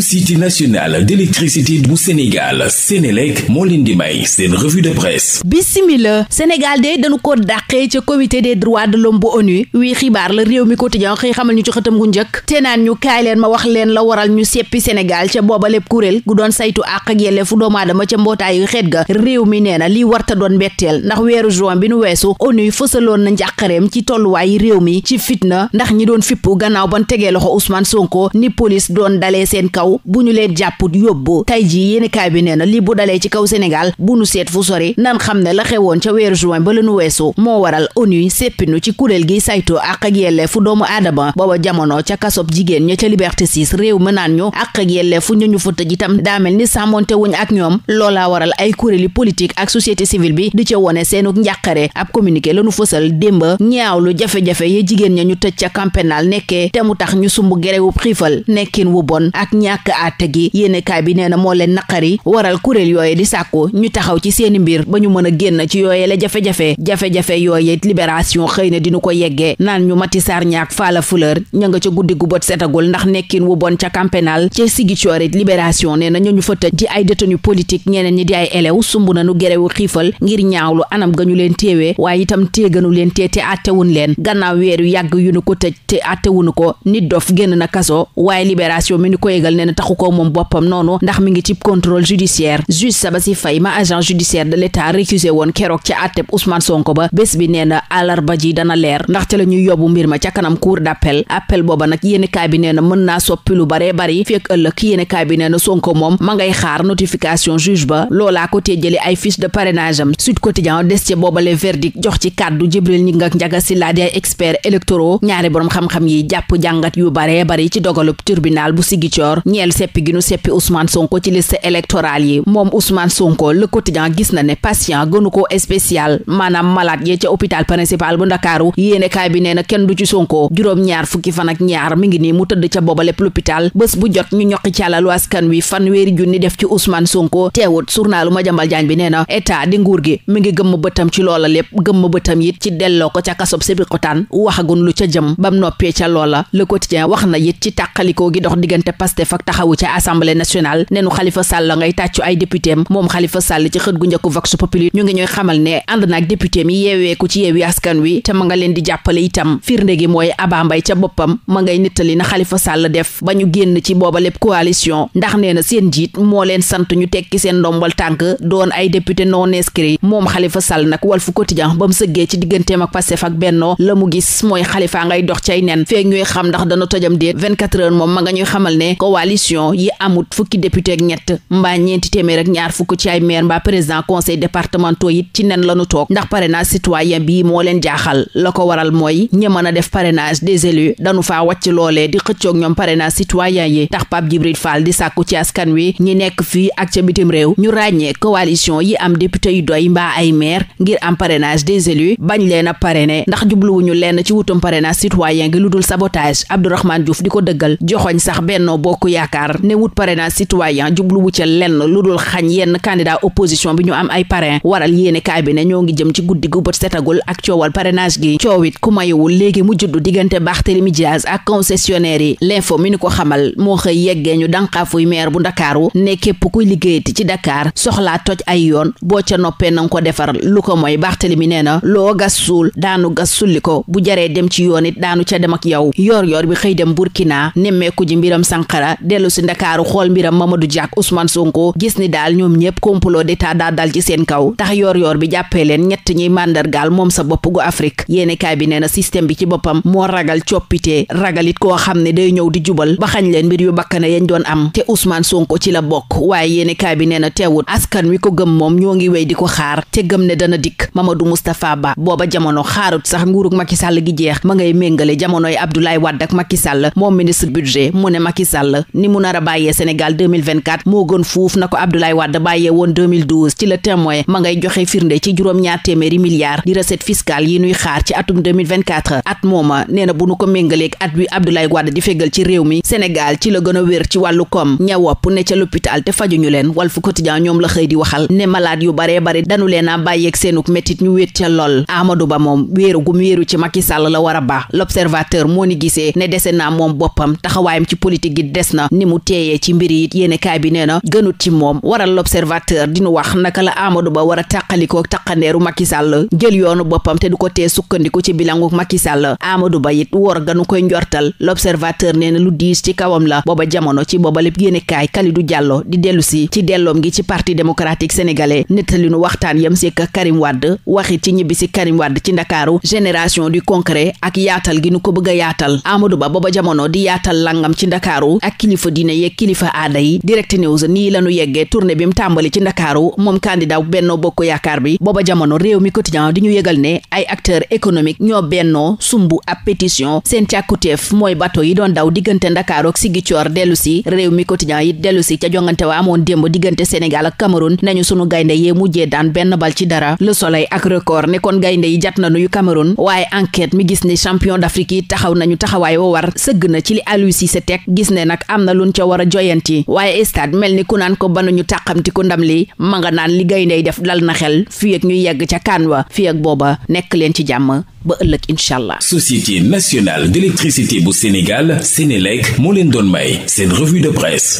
société nationale d'électricité bu Sénégal Sénélec moo leen di may seen revue de presse ko dàqee ca comité des droits de bu ONU wii xibaar la réew mi quotidien xëy xamal ñu ci xëtam gu njëkk te naan ñu kaay leen ma wax leen la waral ñu seppi Sénégal ca booba lépp kuréel gu doon saytu àq ak yelleefu doomu ca mbootaayu xeet ga réew mi nee na lii warta doon mbetteel ndax weeru juin bi nu weesu ONU fësaloon na njàqareem ci tolluwaay réew mi ci fitna ndax ñi doon fippu gannaaw ban tegee loxo Ousmane Sonko kaw bu ñu leen jàpput yóbbu tey jii yéenekaay bi nee na li bu dalee ci kaw Sénégal bu nu seet fu sori nan xam ne la xewoon ca weeru juin ba la nu weesu moo waral ONU séppinu ci kuréel gi saytu àq ak yelleefu doomu aadama booba jamono ca kasob jigéen ña ca Liberté 6 ay kuréeli politique ak société civile bi di ca wone seenuk njàqare ab communiqué la nu fësal démba ñaawlu jafe-jafe ya jigéen ña ñu tëj ca camp pénal te mu tax ñu sumb gerewub xiifal nekkin wu bon ak ñàkk àtte gi yéenekaay bi nee na moo leen naqari waral kuréel yooye di sàkku ñu taxaw ci seeni mbir ba ñu mën a génn ci yooye la jafe-jafe jafe-jafe yooye libération xëy na dinu ko yeggee naan ñu Mati Sarr ñaak Falla Fleur ña nga ca guddi gu bot setagul ndax nekkin wu bon ca camp pénal ca Ziguinchor libération nee na ñu fa tëj di ay détenu politique ñeneen ñi di ay élew sumb nañu gerewu xiifal ngir ñaawlu anam ga ñu leen téewee waaye itam téeganu leen tee te àttewun leen gannaaw weeru yàgg yu nu ko tëj te àttewunu ko nit dof génn na kaso waaye libération mi ni ko yëgal nee na taxu ko moom boppam noonu ndax mi ngi ci contrôle judiciaire juge si fay ma agent judiciaire de l'état récusé woon keroog ca àtteb Ousmane Sonko ba bés bi nee na àllarba ji dana leer ndax ca la ñuy yóbbu mbir ma ca kanam cour d'appel appel booba nag kaa bi nee na mën naa soppi lu baree bari fekk ëllëg yéenekaay bi nee na Sonko moom ma ngay xaar notification juge ba loolaa ko tee jële ay fiche de parrainage am Sud Quotidien des ca boobale verdict jox ci kàddu Jibril ñi nga njaga si laa di ay expert électoraux ñaari boroom jàpp jàngat yu baree bari ci dogalub tribunal bu Sigicoor ñeel seppi gi nu seppi Ousmane Sonko ci liste électorale yi moom Ousmane Sonko le quotidien gis na ne patient gënu ko spécial maanaam malade yee ca hôpital principal bu Ndakaaru yéene bi nee na kenn du ci Sonko juróom-ñaar fukki fan ak ñaar mi ngi nii mu tëdd ca booba lépp l'hôpital bés bu jot ñu ñoqi ci alalu askan wi fanweeri junni def ci Ousmane Sonko teewut journalu Madiambal Diagne bi nee na état di nguur gi mi ngi gëmm bëtam ci loola lépp gëmm bëtam it ci delloo ko ca kasob Sébikotane waxagun lu ca jëm bam noppee ca loola le quotidien wax na it ci tàqalikoo gi dox diggante ak taxawu ca assemblée nationale nenu xalifa sàll ngay tàccu ay députéem moom xalifa sàll ci xët gu njëkku vox populi ñu ngi ñooy xamal ne ànd naak députéem yi yeeweeku ci yeewi askan wi te ma nga leen di jàppale itam firnde gi mooy Abba Mbaye ca boppam ma ngay nittali na xalifa sàll def ba ñu génn ci booba lépp coalition ndax nee seen jiit moo leen sant ñu tekki seen ndombal tànk doon ay député non inscrit moom xalifa sàll nag Walf Quotidien ba mu la mu gis mooy xalifa ngay dox cay nen feeg ñuy xam ndax dana tojam déet 24 heures moom ma nga ñuy coalition yi amut fukki député ak ñett mbaa ñeenti téeméer ak ñaar fukk ci ay maire mbaa président conseil départementaux it ci nen lañu toog ndax parrainage citoyen bi moo leen jaaxal la ko waral mooy ñi mën a def parrainage des élus dañu faa wàcc loolee di xëccoog ñoom parrainage citoyen yi tax Pape Djibril Fall di sàkku ci askan wi ñi nekk fii ak ca bitim réew ñu ràññee coalition yi am député yu doy mbaa ay maire ngir am parrainage des élus bañ leen a parrainer ndax jubluwuñu lenn ci wutum parrainage citoyen gi lu dul sabotage Abdourahmane yaakaar ne wut parrainage citoyen jubluwu ca lenn lu dul xañ yenn candidat opposition bi ñu am ay parrain waral yéene kaay bi ne ñoo ngi jëm ci guddi gu bët setagul ak coowal parrainage gi coowit ku mayewul léegi mu juddu diggante Barthélémy Diaz ak concessionnaire yi l'info mi ni ko xamal moo xëy yeggee ñu dànqaafuy maire bu ndakaaru ne képp kuy liggéeyati ci Dakar soxla toj ay yoon boo ca noppee nanga ko defar lu ko mooy Barthélémy nee na loo gas suul daanu gas sulli ko bu jaree dem ci yoon it daanu ca dem ak yow yor dellu si ndakaaru xool mbiram Mamadou Dia ak Ousmane Sonko gis ni daal ñoom ñëpp complot d'état daa daal ci seen kaw tax yoor yoor bi jàppee leen ñett ñuy màndargaal moom sa bopp gu Afrique yéene kaay bi nee na système bi ci boppam moo ragal coppite ragalit koo xam ne day ñëw di jubal ba xañ leen mbir yu bakkane yañ doon am te Ousmane Sonko ci la bokk waaye yéene kaay bi nee na teewut askan wi ko gëm moom ñoo ngi wéy di ko xaar te gëm ne dana dikk Mamadou Moustapha Ba booba jamono xaarut sax nguurug Macky Sall gi jeex ma ngay méngale jamonoy Abdoulaye Wade ak Macky Sall moom ministre budget mu ne Macky Sall ni mu nar a bàyyee Sénégal 2024 moo gën fuuf na ko Abdoulaye Wade bàyyee woon 2012 ci le témoin ma ngay joxe firnde ci juróom-ñaar téeméeri milliards di recette fiscale yi nuy xaar ci atum 2024 at mooma nee bu nu ko méngaleeg at bi Abdoulaye Wade di fegal ci réew mi Sénégal ci la gën a wér ci wàllu koom ña wopp ne ca l'hôpital te fajuñu leen Walf Quotidien ñoom la xëy di waxal ne malade yu baree bare danu leen bàyyeek bàyyeeg seenuk ñu wéet ca lool Amadou Ba moom wéeru gum wéeru ci Macky Sall la war a ba l'observateur moo ni gisee ne dese naa moom boppam taxawaayam ci politique gi des na ni mu teeyee ci mbir yi yéene kaay bi nee na gënut ci moom waral l'observateur dinu wax naka la amadu Ba war a tàqalikoo taqandeeru Macky Sall jël yoonu boppam te du ko tee sukkandiku ci bilangu Macky Sall amadu Ba it wor ganu koy njortal l'observateur nee na lu diis ci kawam la ba jamono ci booba lépp yéene kaay Kalidou jàlloo di dellu si ci delloom gi ci parti démocratique sénégalais li nu waxtaan yam sekk Karim Wade waxit ci ñibbi si Karim Wade ci ndakaaru génération du concret ak yaatal gi nu ko bëgg yaatal Amadou Ba di yaatal ci ndakaaru kilifa diine yeeg kilifa aada yi direct news nii la ñu yeggee tournée bi mu tàmbali ci ndakaaru moom candidat bennoo bokk yaakaar bi booba jamono réew mi quotidien di ñu yëgal ne ay acteur économique ñoo bennoo sumbu ab pétition seen càkkuteef mooy bato yi doon daw diggante ndakaaru ak Sigicoor dellu si réew mi quotidien yi dellu si ca jongante wa amoon démb diggante sénégal ak cameroun nañu sunu gaynde yee mujjee daan benn bal ci dara le soleil ak record ne kon gaynde yi jat na nuyu cameroun waaye enquête mi gis ne champion d'Afrique yi taxaw nañu taxawaay wo war sëgg na ci li Aliou Cissé teg gis am na luñ ca war a joyanti waaye stade mel ni ku naan ko ba na ñu tàqamti ku ndam li ma nga naan li gayndey def dal na xel fii ak ñuy yegg ca kaan wa fii ak booba nekk leen ci jàmm ba ëllëg incha allah. Société nationale d'électricité bu Sénégal Sénélec moo leen doon may seen revue de presse